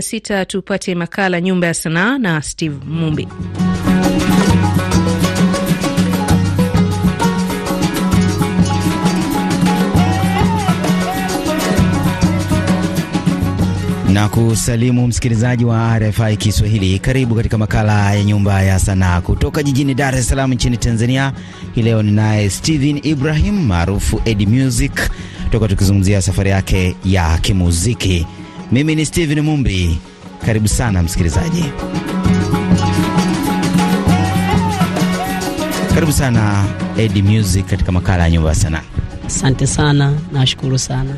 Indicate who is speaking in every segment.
Speaker 1: na sita tupate makala nyumba ya sanaa na Steve Mumbi.
Speaker 2: na kusalimu msikilizaji wa RFI Kiswahili. Karibu katika makala ya nyumba ya sanaa kutoka jijini Dar es Salaam nchini Tanzania. Hii leo ninaye Steven Ibrahim maarufu Eddie Music, toka tukizungumzia safari yake ya kimuziki mimi ni Steven Mumbi, karibu sana msikilizaji, karibu sana Edi Music katika makala ya nyumba ya sanaa. Asante
Speaker 3: sana, nashukuru sana.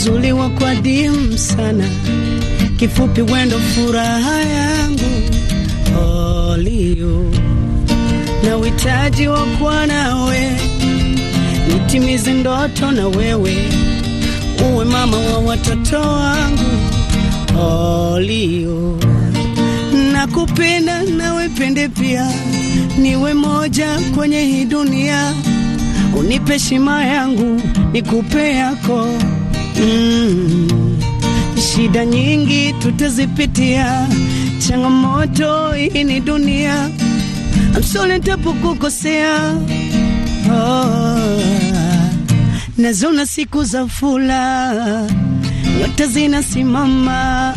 Speaker 3: kuzuliwa kwa dimu sana, kifupi wendo furaha yangu olio na uhitaji wa kuwa nawe, nitimize ndoto na wewe uwe mama wa watoto wangu olio na kupenda nawe pende pia, niwe moja kwenye hii dunia, unipe shima yangu nikupe yako Mm, shida nyingi tutazipitia, changamoto hii ni dunia. Amsole tapokukosea, oh, nazona siku za fula, nyota zinasimama,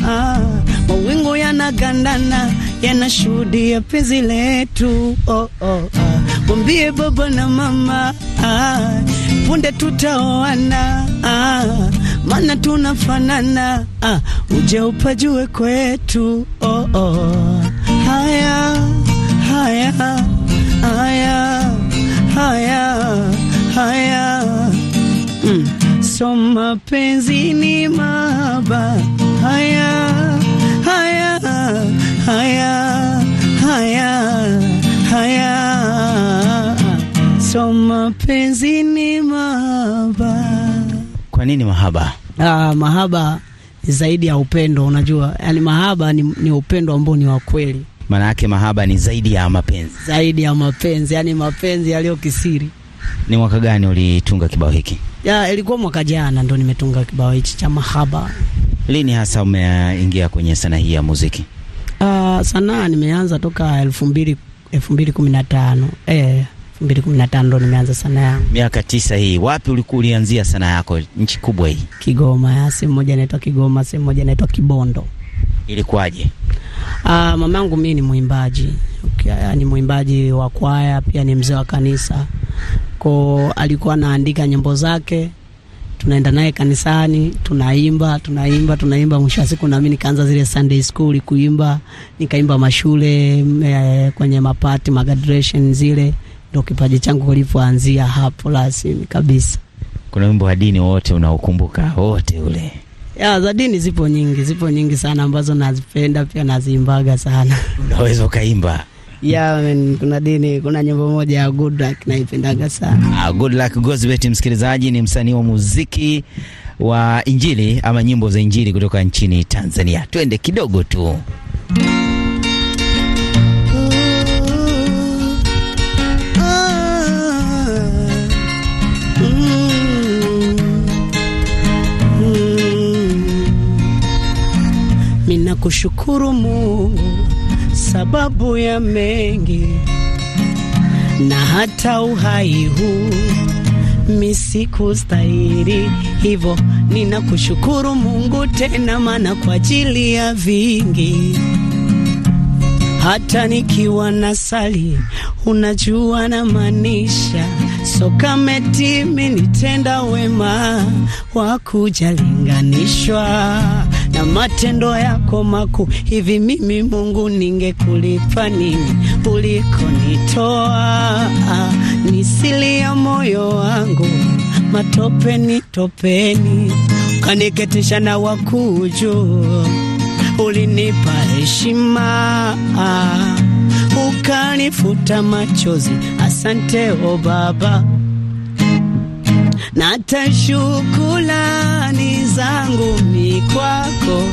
Speaker 3: mawingu yanagandana, yanashuhudia penzi letu. Oh, oh, oh. mwambie baba na mama, ah, punde tutaoana ah, mana tunafanana ah, uje upajue kwetu oh, oh. Haya, haya, haya, haya, haya. Mm. So mapenzi ni maba haya, haya, haya, haya, haya. So mapenzi
Speaker 2: kwa nini mahaba?
Speaker 3: Ah, mahaba zaidi ya upendo, unajua yani mahaba ni, ni upendo ambao ni wa kweli.
Speaker 2: Maana yake mahaba ni zaidi ya mapenzi,
Speaker 3: zaidi ya mapenzi, yani mapenzi yaliyo kisiri.
Speaker 2: Ni mwaka gani ulitunga kibao hiki?
Speaker 3: Ya, ilikuwa mwaka jana ndo nimetunga kibao hichi cha mahaba.
Speaker 2: Lini hasa umeingia kwenye sanaa hii ya muziki?
Speaker 3: Uh, sanaa nimeanza toka elfu mbili elfu mbili kumi na tano eh 2015 ndo nimeanza sanaa yangu.
Speaker 2: Miaka tisa hii. Wapi ulikuwa ulianzia sanaa yako? Nchi kubwa hii.
Speaker 3: Kigoma, sehemu moja inaitwa Kigoma, sehemu moja inaitwa Kibondo.
Speaker 2: Ilikuwaje?
Speaker 3: Ah, mamangu mimi ni mwimbaji. Okay, ah, ni mwimbaji wa kwaya, pia ni mzee wa kanisa. Ko alikuwa anaandika nyimbo zake. Tunaenda naye kanisani, tunaimba, tunaimba, tunaimba mwisho wa siku na mimi nikaanza zile Sunday school kuimba, nikaimba mashule, e, kwenye mapati, magadration zile ndo kipaji changu kilipoanzia hapo rasmi kabisa.
Speaker 2: Kuna wimbo wa dini wote unaokumbuka wote ule?
Speaker 3: Ya, za dini zipo nyingi, zipo nyingi sana ambazo nazipenda pia naziimbaga sana. Unaweza ukaimba? Ya, man, kuna dini, kuna nyimbo moja ya Good Luck naipendaga sana.
Speaker 2: Ah, Good Luck Gosbet, msikilizaji, ni msanii wa muziki wa Injili ama nyimbo za Injili kutoka nchini Tanzania. Twende kidogo tu
Speaker 3: Ninakushukuru Mungu sababu ya mengi na hata uhai huu misikustahili, hivyo ninakushukuru Mungu tena, maana kwa ajili ya vingi hata nikiwa na sali unajua na maanisha sokametimi nitenda wema wakujalinganishwa na matendo yako maku Hivi mimi Mungu ningekulipa nini nitoa Nisili ya moyo wangu matopeni topeni, ukaniketisha na wakuju, ulinipa heshima ukanifuta machozi. Asante o Baba, natashukulani zangu ni kwako,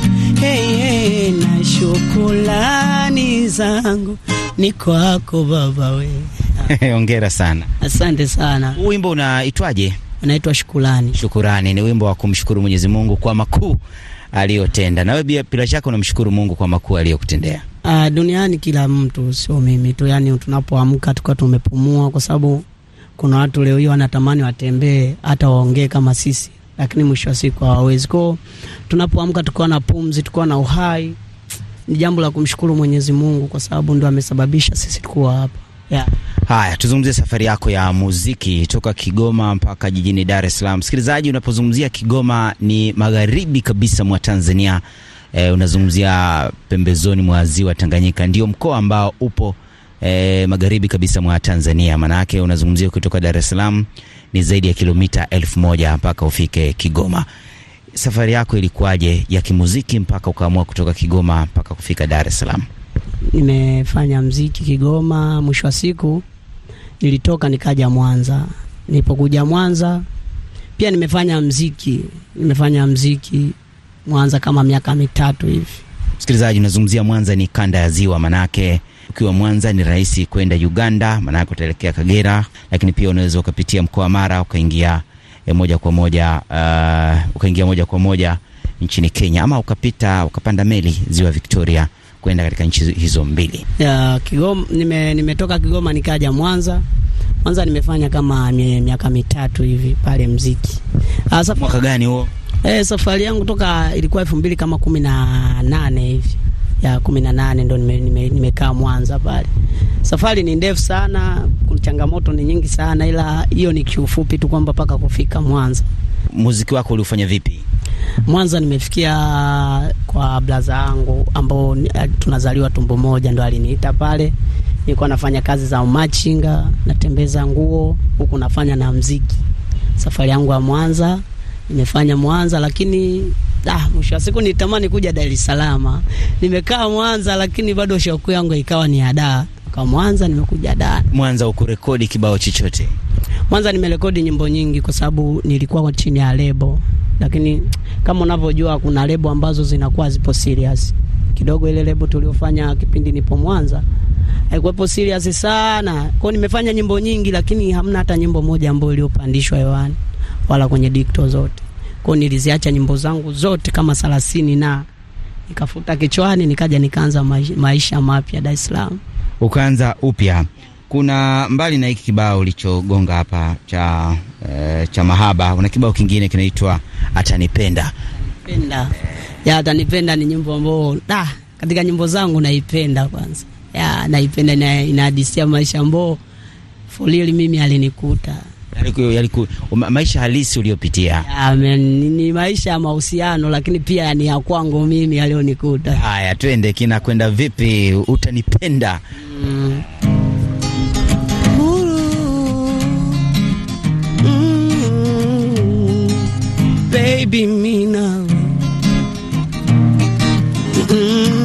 Speaker 3: hey, hey, na shukulani zangu ni kwako Baba we.
Speaker 2: Hongera sana, asante sana. Wimbo unaitwaje? Unaitwa Shukurani. Shukurani ni wimbo wa kumshukuru Mwenyezi Mungu kwa makuu aliyotenda. Na wewe bila shaka unamshukuru Mungu kwa makuu aliyokutendea.
Speaker 3: Uh, duniani kila mtu, sio mimi tu, yani tunapoamka tukawa tumepumua, kwa sababu kuna watu leo hii wanatamani watembee hata waongee kama sisi lakini mwisho wa siku hawawezi. Kwao tunapoamka tukiwa na pumzi, tukiwa na uhai, ni jambo la kumshukuru Mwenyezi Mungu kwa sababu ndo amesababisha sisi tukuwa hapa
Speaker 2: yeah. Haya, tuzungumzie safari yako ya muziki toka Kigoma mpaka jijini Dar es Salaam. Msikilizaji, unapozungumzia Kigoma ni magharibi kabisa mwa Tanzania. E, unazungumzia pembezoni mwa ziwa Tanganyika, ndio mkoa ambao upo e, magharibi kabisa mwa Tanzania. Maana yake unazungumzia kutoka Dar es Salaam ni zaidi ya kilomita elfu moja mpaka ufike Kigoma. Safari yako ilikuwaje ya kimuziki mpaka ukaamua kutoka Kigoma mpaka kufika Dar es Salaam?
Speaker 3: Nimefanya mziki Kigoma, mwisho wa siku nilitoka nikaja Mwanza. Nilipokuja Mwanza pia nimefanya mziki, nimefanya mziki Mwanza kama miaka mitatu hivi.
Speaker 2: Msikilizaji, unazungumzia Mwanza ni kanda ya Ziwa, manake ukiwa Mwanza ni rahisi kwenda Uganda, maanake utaelekea Kagera, lakini pia unaweza ukapitia mkoa wa Mara ukaingia e, moja kwa moja uh, ukaingia moja kwa moja nchini Kenya, ama ukapita ukapanda meli ziwa Victoria kwenda katika nchi hizo mbili.
Speaker 3: Ya, Kigoma, nime, nimetoka Kigoma nikaja Mwanza. Mwanza nimefanya kama miaka mitatu hivi pale mziki.
Speaker 2: Asa, ah, mwaka gani huo?
Speaker 3: Eh, safari yangu toka ilikuwa elfu mbili kama kumi na nane hivi ya kumi na nane ndo nimekaa nime, nime Mwanza pale. Safari ni ndefu sana, changamoto ni nyingi sana, ila hiyo ni kiufupi tu kwamba mpaka kufika Mwanza.
Speaker 2: Muziki wako uliufanya vipi?
Speaker 3: Mwanza nimefikia kwa blaza yangu ambao eh, tunazaliwa tumbo moja, ndo aliniita pale. Nilikuwa nafanya kazi za umachinga, natembeza nguo huku nafanya na mziki. Safari yangu ya Mwanza nimefanya Mwanza, lakini ah, mwisho wa siku nitamani kuja Dar es Salaam. Nimekaa Mwanza, lakini bado shauku yangu ikawa ni ada kwa Mwanza, nimekuja da
Speaker 2: Mwanza ukurekodi kibao chochote?
Speaker 3: Mwanza nimerekodi nyimbo nyingi, kwa sababu nilikuwa chini ya lebo, lakini kama unavyojua kuna lebo ambazo zinakuwa zipo serious kidogo. Ile lebo tuliofanya kipindi nipo Mwanza haikuwepo serious sana, kwa nimefanya nyimbo nyingi, lakini hamna hata nyimbo moja ambayo iliyopandishwa hewani wala kwenye dikto zote kwao niliziacha nyimbo zangu zote kama thelathini na nikafuta kichwani, nikaja nikaanza maisha mapya Dar es Salaam.
Speaker 2: Ukaanza upya. Kuna mbali na hiki kibao ulichogonga hapa cha e, cha mahaba, kuna kibao kingine kinaitwa atanipenda
Speaker 3: penda ya atanipenda. Ni nyimbo ambayo da katika nyimbo zangu naipenda kwanza, ya naipenda, inahadisia maisha ambayo for real mimi alinikuta
Speaker 2: yaliku, yaani maisha halisi uliyopitia.
Speaker 3: Ni maisha ya mahusiano, lakini pia ni ya kwangu mimi yaliyonikuta.
Speaker 2: Haya, twende kinakwenda vipi, utanipenda mm.
Speaker 3: mm. Baby, mina mm.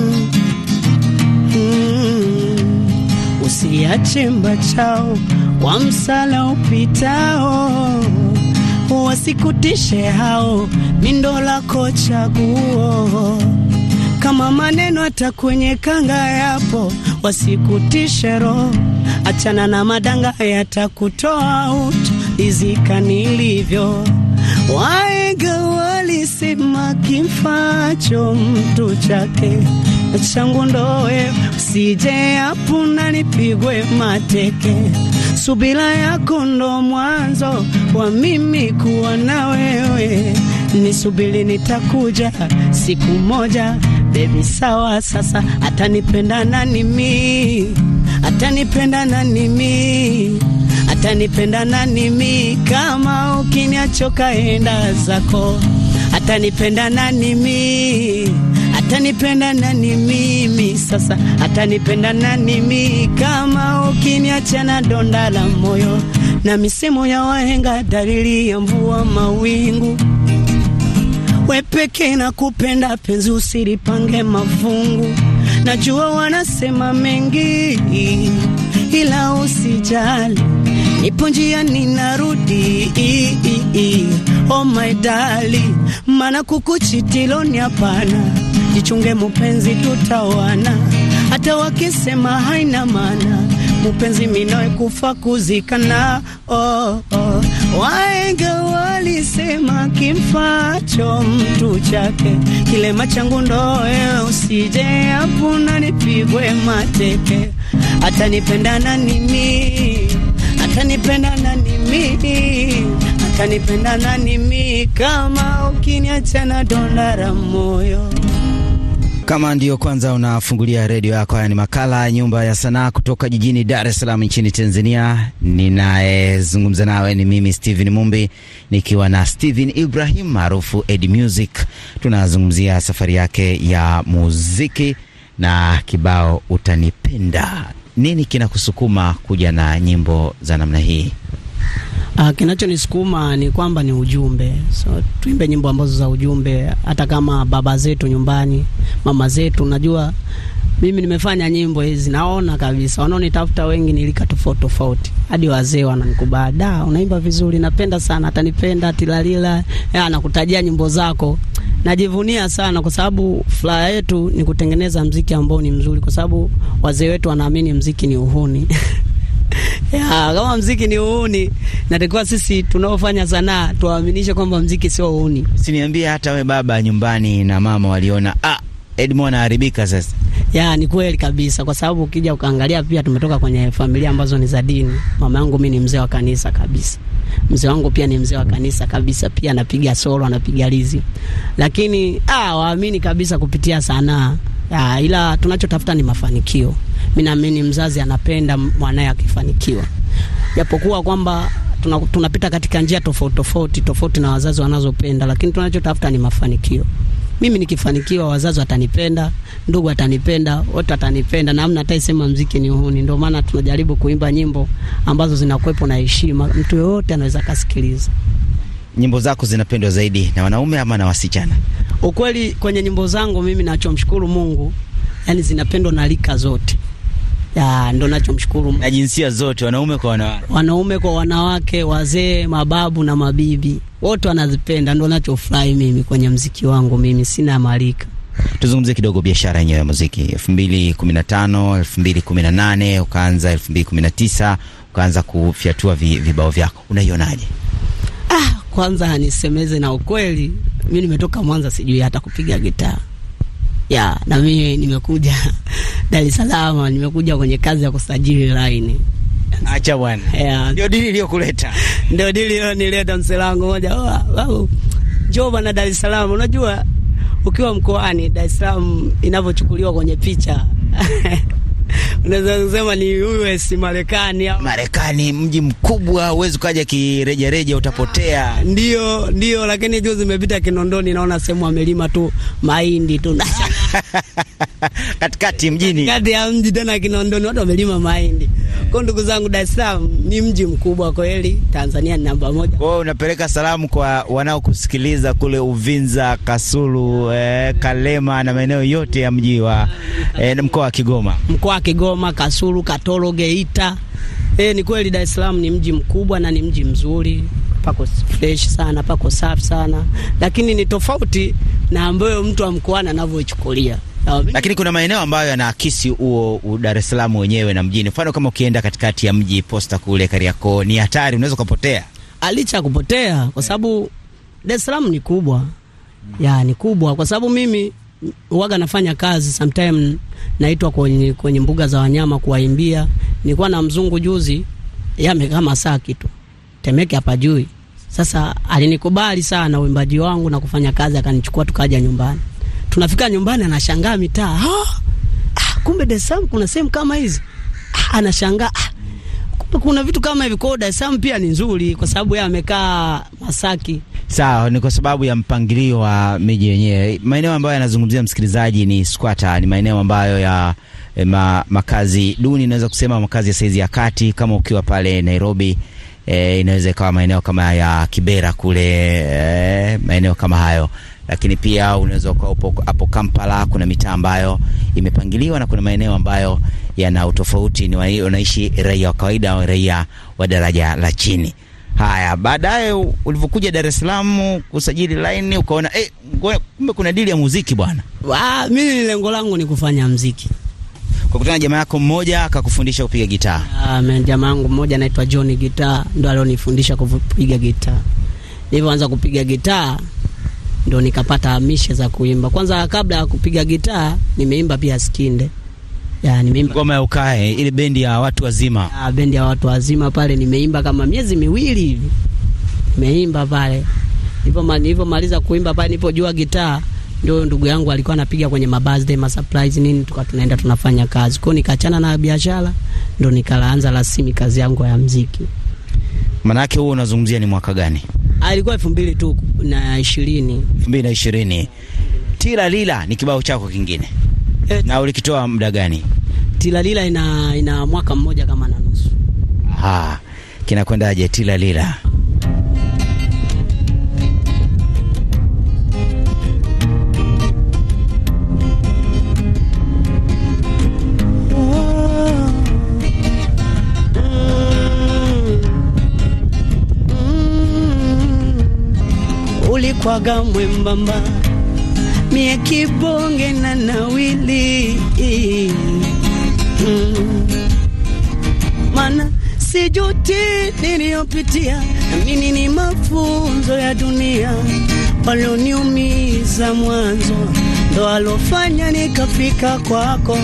Speaker 3: siya mba chao kwa msala upitao, wasikutishe hao mindo lako chaguo. Kama maneno hata kwenye kanga yapo, wasikutishe roho, achana na madanga yatakutoa utu, izika nilivyo. Waenga walisema kifacho mtu chake changu ndoe, usije hapo na nipigwe mateke. Subira yako ndo mwanzo wa mimi kuwa na wewe, nisubiri, nitakuja siku moja bebi, sawa? Sasa atanipenda na nimi, atanipenda na nimi atanipenda na nimi, kama ukiniachoka enda zako, atanipenda na nimi Atanipenda nani mimi sasa? Atanipenda nani mimi kama ukiniacha na donda la moyo na misemo ya wahenga, dalili ya mvua mawingu. Wepeke na kupenda penzi, usilipange mafungu. Najua wanasema mengi, ila usijali, nipo njia ninarudi. Oh my darling, mana ni hapana jichunge mupenzi, tutawana hata wakisema haina maana. Mupenzi minoe kufa kuzikana. Oh, oh. Waenga walisema kimfacho mtu chake, kilema changu ndoe, usije apuna nipigwe mateke. Atanipendana nimi, Atanipendana nini? Atanipendana nimi, kama ukiniachana donda la moyo
Speaker 2: kama ndiyo kwanza unafungulia redio yako, haya ni makala Nyumba ya Sanaa kutoka jijini Dar es Salaam nchini Tanzania. Ninayezungumza nawe ni mimi Steven Mumbi nikiwa na Steven Ibrahim maarufu Ed Music. Tunazungumzia safari yake ya muziki na kibao Utanipenda. Nini kinakusukuma kuja na nyimbo za namna hii?
Speaker 3: Uh, kinachonisukuma ni kwamba ni ujumbe. So tuimbe nyimbo ambazo za ujumbe, hata kama baba zetu nyumbani, mama zetu. Najua mimi nimefanya nyimbo hizi, naona kabisa wanaonitafuta wengi nilika tofauti tofauti, hadi wazee wananikubali, da, unaimba vizuri, napenda sana, atanipenda tilalila, eh, anakutajia nyimbo zako. Najivunia sana kwa sababu furaha yetu ni kutengeneza mziki ambao ni mzuri, kwa sababu wazee wetu wanaamini mziki ni uhuni
Speaker 2: Ya, ah, kama mziki ni uhuni, natakiwa sisi tunaofanya sanaa tuwaaminishe kwamba mziki sio uhuni. Siniambie hata we baba nyumbani na mama waliona ah,
Speaker 3: Edmond anaharibika sasa. Ya, ni kweli kabisa, kwa sababu ukija ukaangalia pia tumetoka kwenye familia ambazo ni za dini. Mama yangu mimi ni mzee wa kanisa kabisa, mzee wangu pia ni mzee wa kanisa kabisa, pia anapiga solo, anapiga lizi, lakini ah, waamini kabisa kupitia sanaa. Ya, ah, ila tunachotafuta ni mafanikio mi naamini mzazi anapenda mwanaye akifanikiwa, japokuwa kwamba tuna, tunapita katika njia tofauti tofauti tofauti na wazazi wanazopenda, lakini tunachotafuta ni mafanikio. Mimi nikifanikiwa, wazazi watanipenda, ndugu atanipenda, wote watanipenda, na amna ataisema mziki ni huni. Ndio maana tunajaribu kuimba nyimbo ambazo zinakuwepo na heshima, mtu yoyote anaweza kasikiliza.
Speaker 2: Nyimbo zako zinapendwa zaidi na wanaume ama na wasichana?
Speaker 3: Ukweli kwenye nyimbo zangu mimi nachomshukuru Mungu, yani zinapendwa na lika zote ya ndo nachomshukuru.
Speaker 2: Na jinsia zote, wanaume kwa wanawake,
Speaker 3: wanaume kwa wanawake, wazee, mababu na mabibi, wote wanazipenda. Ndo nachofurahi mimi kwenye mziki wangu, mimi sina malika.
Speaker 2: Tuzungumzie kidogo biashara yenyewe ya muziki. elfu mbili kumi na tano elfu mbili kumi na nane ukaanza elfu mbili kumi na tisa ukaanza kufyatua vibao vi vyako, unaionaje?
Speaker 3: Ah, kwanza nisemeze na ukweli, mi nimetoka Mwanza, sijui hata kupiga gitaa ya na mimi nimekuja Dar es Salaam, nimekuja kwenye kazi ya kusajili laini. Acha bwana, yeah. Ndio dili iliyokuleta ndio dili iliyonileta mse langu moja, oh, babu. njoo bwana Dar es Salaam. Unajua ukiwa mkoani Dar es Salaam inavyochukuliwa kwenye picha
Speaker 2: unaweza kusema ni US Marekani. Marekani mji mkubwa, huwezi kaja kirejereje utapotea. Ndio,
Speaker 3: ndio, lakini juzi zimepita Kinondoni, naona sehemu amelima tu mahindi tu katikati mjini, kati ya mji tena Kinondoni, watu wamelima mahindi. Kwa ndugu zangu, Dar es Salaam ni mji mkubwa kweli, Tanzania ni namba moja.
Speaker 2: Kwa unapeleka salamu kwa wanaokusikiliza kule Uvinza, Kasulu, eh, Kalema na maeneo yote ya mji wa eh, mkoa wa Kigoma,
Speaker 3: mkoa wa Kigoma, Kasulu, Katoro, Geita. Eh, ni kweli Dar es Salaam ni mji mkubwa na ni mji mzuri pako fresh sana, pako safi sana, lakini ni tofauti na ambayo mtu wa mkoani anavyoichukulia
Speaker 2: lakini kuna maeneo ambayo yanaakisi huo Dar es Salaam wenyewe na mjini. Mfano kama ukienda katikati ya mji posta kule Kariakoo ni hatari, unaweza ukapotea. Alicha ah, kupotea, kwa eh. sababu
Speaker 3: Dar es Salaam ni kubwa mm. ya ni kubwa, kwa sababu mimi waga nafanya kazi sometime, naitwa kwenye, kwenye mbuga za wanyama kuwaimbia. Nilikuwa na mzungu juzi yamekaa masaa kitu Temeke hapa juu. Sasa alinikubali sana uimbaji wangu na kufanya kazi, akanichukua tukaja nyumbani tunafika nyumbani anashangaa mitaa oh, ah, kumbe Dar es Salaam kuna sehemu kama hizi ah, anashangaa ah, kuna vitu kama hivi. Kwa Dar es Salaam pia ni nzuri, kwa sababu yeye amekaa Masaki.
Speaker 2: Sawa, ni kwa sababu ya mpangilio wa miji yenyewe. Maeneo ambayo yanazungumzia msikilizaji ni squatter, ni maeneo ambayo ya eh, ma, makazi duni, naweza kusema makazi ya saizi ya kati. Kama ukiwa pale Nairobi eh, inaweza ikawa maeneo kama ya Kibera kule eh, maeneo kama hayo lakini pia unaweza ukawa upo hapo Kampala. Kuna mitaa ambayo imepangiliwa na kuna maeneo ambayo yana utofauti, ni wanaishi raia wa kawaida au raia wa daraja la chini. Haya, baadaye ulivyokuja Dar es Salaam kusajili laini, ukaona eh, kumbe kuna dili ya muziki bwana. Mimi lengo langu ni kufanya muziki. Kwa kutana jamaa yako mmoja akakufundisha kupiga gitaa?
Speaker 3: Jamaa yangu mmoja anaitwa John Gitaa, ndo alionifundisha kupiga gitaa. Nilipoanza kupiga gitaa ndo nikapata hamisha za kuimba. Kwanza kabla ya kupiga gitaa nimeimba pia skinde
Speaker 2: ya, nimeimba ngoma ya ukae ile bendi ya watu wazima ya,
Speaker 3: bendi ya watu wazima pale nimeimba kama miezi miwili hivi nimeimba pale. Nilipomaliza kuimba pale, nilipojua gitaa ndio ndugu yangu alikuwa anapiga kwenye mabirthday ma surprise nini, tuka tunaenda tunafanya kazi kwao. Nikaachana na biashara, ndo nikaanza rasmi kazi yangu ya mziki.
Speaker 2: Manake huo unazungumzia ni mwaka gani? 2000 alikuwa elfu mbili tu na ishirini elfu mbili na ishirini Tila Lila ni kibao chako kingine et, eh. na ulikitoa muda gani?
Speaker 3: Tila Lila ina, ina mwaka mmoja kama na nusu.
Speaker 2: Aha, kinakwendaje Tila Lila?
Speaker 3: kwaga mwembamba mie kibonge na nawili mm. Mana sijuti niliyopitia, namini ni mafunzo ya dunia. Walioniumiza mwanzo ndo alofanya nikafika kwako,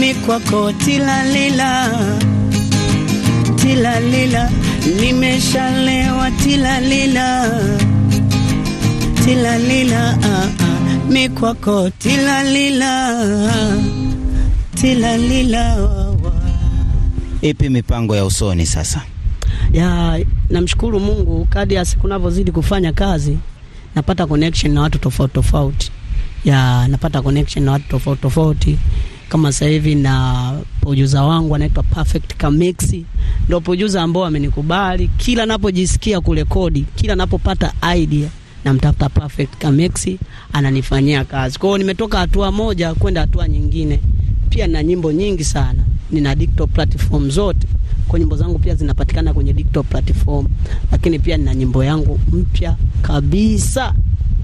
Speaker 3: mi kwako tilalila tilalila, nimeshalewa tilalila tila lila ah, ah, mi kwako tila lila tila lila ah,
Speaker 2: ah. Ipi mipango ya usoni sasa?
Speaker 3: Ya, namshukuru Mungu kadi ya siku navyozidi kufanya kazi napata connection na watu tofauti tofauti. Ya, napata connection na watu tofauti tofauti kama sasa hivi na pojuza wangu anaitwa Perfect Kamixi, ndio producer ambao amenikubali kila napojisikia kurekodi, kila napopata idea namtafuta Perfect kamexi ananifanyia kazi. Kwa hiyo nimetoka hatua moja kwenda hatua nyingine. Pia na nyimbo nyingi sana, nina digital platform zote. Kwa nyimbo zangu pia zinapatikana kwenye digital platform, lakini pia nina nyimbo yangu mpya kabisa,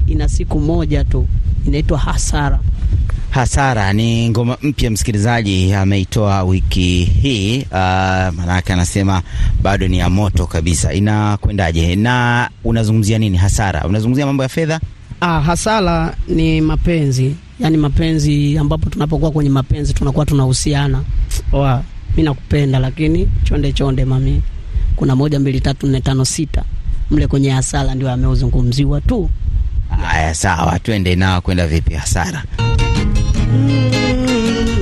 Speaker 3: ina siku moja tu, inaitwa Hasara.
Speaker 2: Hasara ni ngoma mpya msikilizaji ameitoa wiki hii uh, ah, maanake anasema bado ni ya moto kabisa. Inakwendaje na unazungumzia nini? Hasara unazungumzia mambo ya fedha?
Speaker 3: Ah, hasara ni mapenzi, yaani mapenzi, ambapo tunapokuwa kwenye mapenzi tunakuwa tunahusiana, oa, mi nakupenda, lakini chonde chonde, mami, kuna moja mbili tatu nne tano sita mle kwenye hasara ndio ameuzungumziwa
Speaker 2: tu. Haya, sawa, twende na kwenda vipi hasara
Speaker 4: Mm-hmm.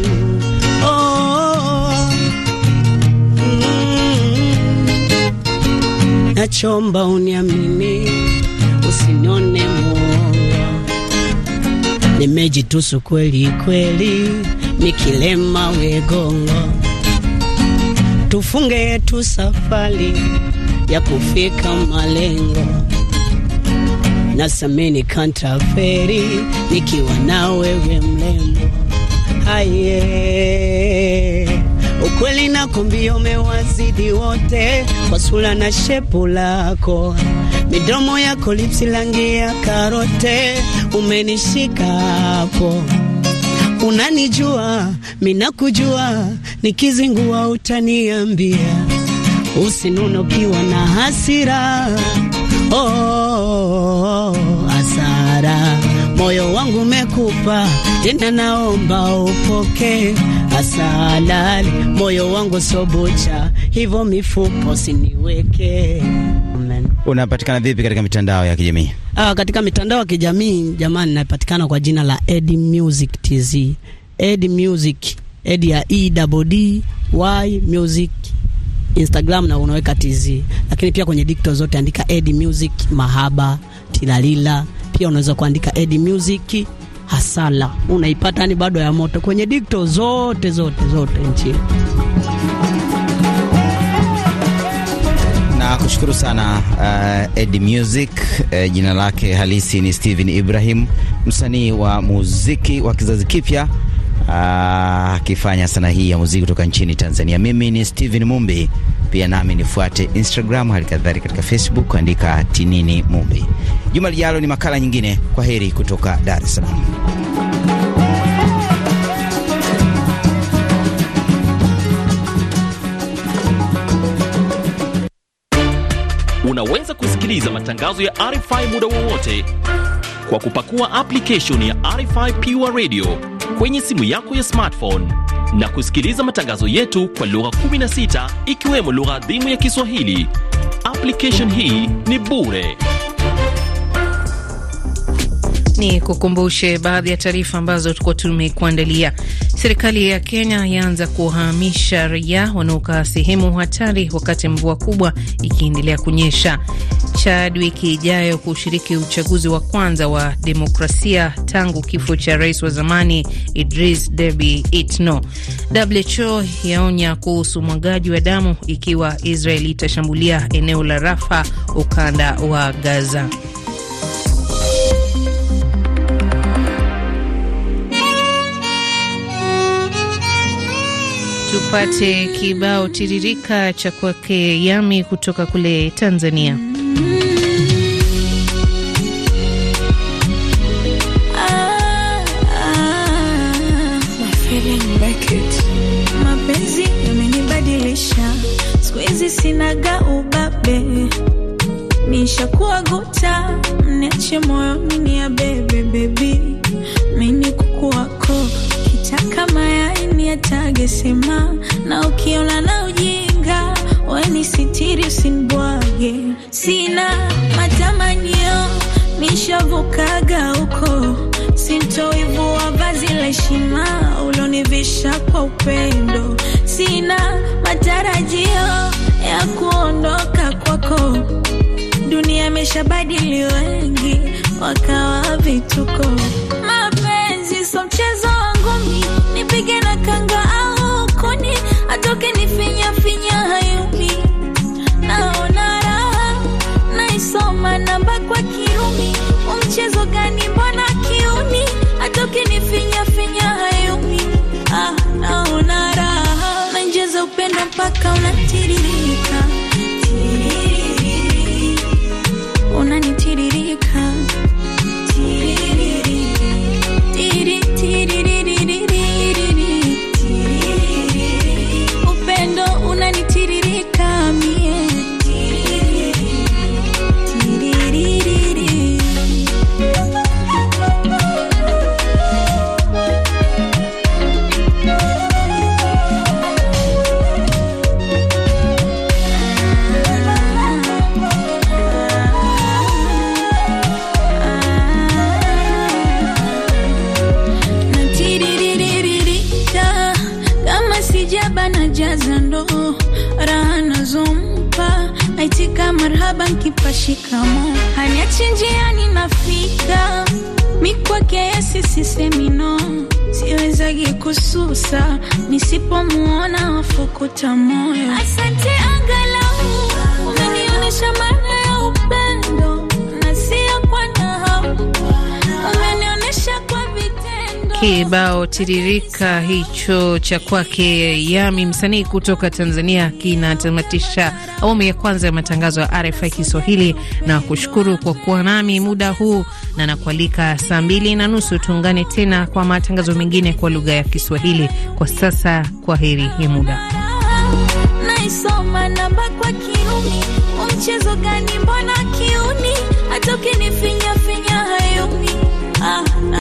Speaker 3: Nachomba uniamini, usinione muongo, nimejitusu kweli kweli, nikilema wegongo, tufunge yetu safari ya kufika malengo, nasamini kantaferi nikiwa na wewe mlembo aye, ukweli nakwambia umewazidi wote kwa sura na shepu lako, midomo yako lipsi langi ya karote, umenishika hapo Unanijua, minakujua, nikizingua utaniambia, usinunukiwa na hasira. Oh, oh, oh, hasara moyo wangu mekupa tena, naomba upokee. Asalali moyo wangu sobucha, hivyo mifupo siniweke.
Speaker 2: Unapatikana vipi katika mitandao ya kijamii?
Speaker 3: Ah, katika mitandao ya kijamii jamani, napatikana kwa jina la Ed Music TZ, Ed Music, Ed ya E D Y Music Instagram na unaweka TZ, lakini pia kwenye dikto zote andika Ed Music mahaba tilalila pia unaweza kuandika Edi Music Hasala, unaipata ni bado ya moto kwenye dikto zote zote zote nchini.
Speaker 2: Nakushukuru sana uh, Ed Music uh, jina lake halisi ni Steven Ibrahim, msanii wa muziki wa kizazi kipya uh, akifanya uh, sanaa hii ya muziki kutoka nchini Tanzania. Mimi ni Steven Mumbi pia nami nifuate Instagram, hali kadhalika katika Facebook andika Tinini Mumbi. Juma lijalo ni makala nyingine. Kwa heri kutoka Dar es Salaam. Unaweza kusikiliza matangazo ya RFI muda wowote kwa kupakua application ya RFI Pure Radio kwenye simu yako ya smartphone na kusikiliza matangazo yetu kwa lugha 16 ikiwemo lugha adhimu ya Kiswahili. Application hii ni bure.
Speaker 1: Ni kukumbushe baadhi ya taarifa ambazo tuko tumekuandalia. Serikali ya Kenya yaanza kuhamisha raia wanaokaa sehemu hatari wakati mvua kubwa ikiendelea kunyesha. Chad wiki ijayo kushiriki uchaguzi wa kwanza wa demokrasia tangu kifo cha rais wa zamani Idris Deby Itno. WHO yaonya kuhusu mwagaji wa damu ikiwa Israel itashambulia eneo la Rafa, ukanda wa Gaza. Tupate kibao tiririka cha kwake Yami kutoka kule Tanzania.
Speaker 4: Mapenzi yamenibadilisha, siku hizi sinaga nishakuwa guta, mniache moyoni ni abebe bebi, mini kuku wako kitaka mayai ni atage sema na ukiona na uji weni sitiri usinibwage, sina matamanio mishavukaga huko, wa vazi la heshima ulonivisha kwa upendo, sina matarajio ya kuondoka kwako. Dunia imeshabadili, wengi wakawa vituko. Mapenzi so mchezo wangu, nipige na kanga menampakkan ciri kunisusa, nisipomwona afukuta moyo. Asante, angalau umenionyesha maana
Speaker 1: Kibao tiririka hicho cha kwake Yami, msanii kutoka Tanzania, kinatamatisha awamu ya kwanza ya matangazo ya RFI Kiswahili na kushukuru kwa kuwa nami muda huu, na nakualika saa mbili na nusu tuungane tena kwa matangazo mengine kwa lugha ya Kiswahili. Kwa sasa, kwa heri ya
Speaker 4: muda.